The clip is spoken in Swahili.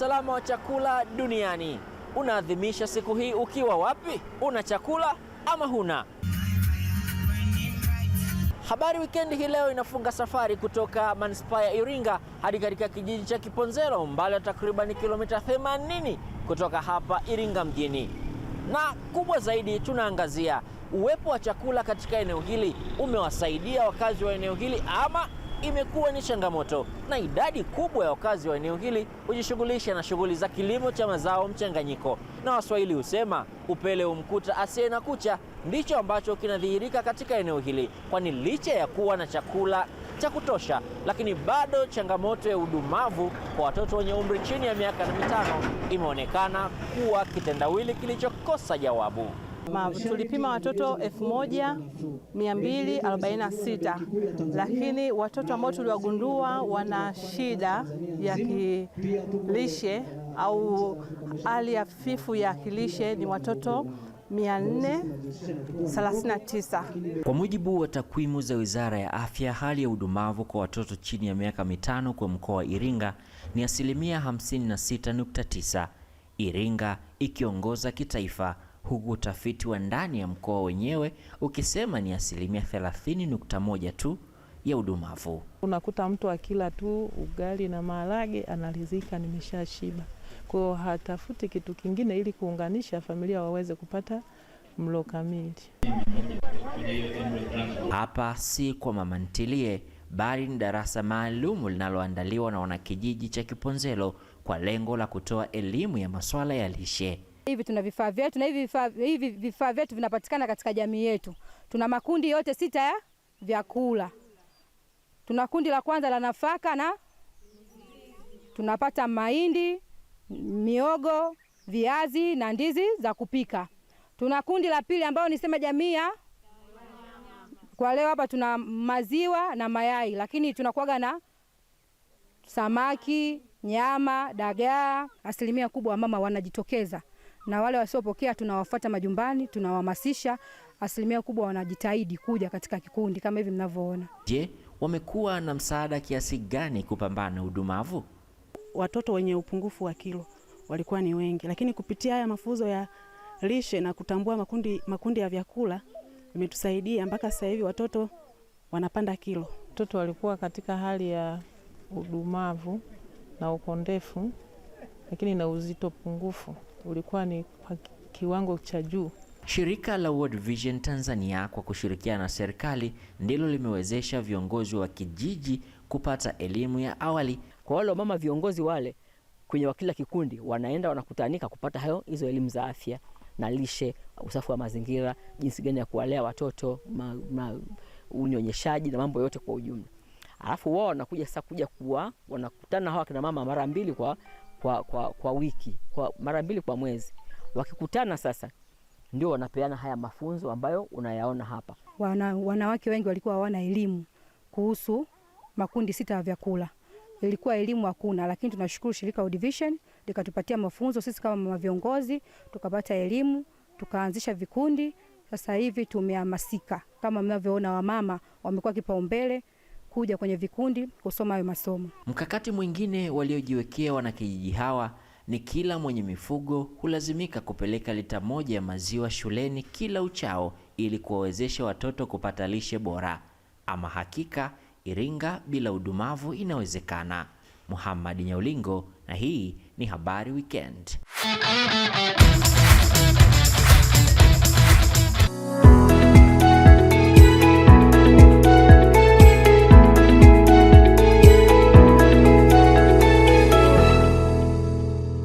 Usalama wa chakula duniani unaadhimisha siku hii ukiwa wapi? Una chakula ama huna? Habari Wikendi hii leo inafunga safari kutoka manispaa ya Iringa hadi katika kijiji cha Kiponzero, umbali wa takribani kilomita 80 kutoka hapa Iringa mjini. Na kubwa zaidi, tunaangazia uwepo wa chakula katika eneo hili umewasaidia wakazi wa eneo hili ama imekuwa ni changamoto, na idadi kubwa ya wakazi wa eneo hili hujishughulisha na shughuli za kilimo cha mazao mchanganyiko, na Waswahili husema upele humkuta asiye na kucha. Ndicho ambacho kinadhihirika katika eneo hili, kwani licha ya kuwa na chakula cha kutosha, lakini bado changamoto ya udumavu kwa watoto wenye umri chini ya miaka na mitano imeonekana kuwa kitendawili kilichokosa jawabu. Ma, tulipima watoto 1246 lakini watoto ambao tuliwagundua wana shida ya kilishe au hali hafifu ya kilishe ni watoto 439. Kwa mujibu wa takwimu za Wizara ya Afya, hali ya udumavu kwa watoto chini ya miaka mitano kwa mkoa wa Iringa ni asilimia 56.9, Iringa ikiongoza kitaifa huku utafiti wa ndani ya mkoa wenyewe ukisema ni asilimia 30.1 tu ya udumavu. Unakuta mtu akila tu ugali na maharage analizika nimeshashiba. Kwa hiyo hatafuti kitu kingine ili kuunganisha familia waweze kupata mlo kamili. Hapa si kwa mama ntilie, bali ni darasa maalum linaloandaliwa na wanakijiji cha Kiponzelo kwa lengo la kutoa elimu ya masuala ya lishe. Hivi tuna vifaa vyetu na hivi vifaa hivi vifaa vyetu vinapatikana katika jamii yetu. Tuna makundi yote sita ya vyakula. Tuna kundi la kwanza la nafaka na tunapata mahindi, miogo, viazi na ndizi za kupika. Tuna kundi la pili ambayo ni sema jamii ya kwa leo hapa tuna maziwa na mayai, lakini tunakuwaga na samaki, nyama, dagaa. Asilimia kubwa wamama wanajitokeza na wale wasiopokea tunawafuata majumbani, tunawahamasisha. Asilimia kubwa wanajitahidi kuja katika kikundi kama hivi mnavyoona. Je, wamekuwa na msaada kiasi gani kupambana udumavu? Watoto wenye upungufu wa kilo walikuwa ni wengi, lakini kupitia haya mafunzo ya lishe na kutambua makundi, makundi ya vyakula imetusaidia mpaka sasa hivi watoto wanapanda kilo. Watoto walikuwa katika hali ya udumavu na ukondefu, lakini na uzito pungufu ulikuwa ni kwa kiwango cha juu. Shirika la World Vision Tanzania kwa kushirikiana na serikali ndilo limewezesha viongozi wa kijiji kupata elimu ya awali. Kwa wale wamama viongozi wale kwenye wa kila kikundi wanaenda wanakutanika kupata hayo hizo elimu za afya na lishe, usafi wa mazingira, jinsi gani ya kuwalea watoto ma, ma, unyonyeshaji na mambo yote kwa ujumla. Alafu wao wanakuja sasa kuja kuwa wanakutana hawa kina mama mara mbili kwa kwa, kwa, kwa wiki kwa mara mbili kwa mwezi. Wakikutana sasa ndio wanapeana haya mafunzo ambayo unayaona hapa. Wana, wanawake wengi walikuwa hawana elimu kuhusu makundi sita ya vyakula, ilikuwa elimu hakuna, lakini tunashukuru shirika World Vision likatupatia mafunzo sisi kama mama viongozi, tukapata elimu, tukaanzisha vikundi. Sasa hivi tumehamasika, kama mnavyoona, wamama wamekuwa kipaumbele kuja kwenye vikundi kusoma hayo masomo. Mkakati mwingine waliojiwekea wanakijiji hawa ni kila mwenye mifugo hulazimika kupeleka lita moja ya maziwa shuleni kila uchao ili kuwawezesha watoto kupata lishe bora. Ama hakika Iringa bila udumavu inawezekana. Muhammad Nyaulingo, na hii ni Habari Weekend.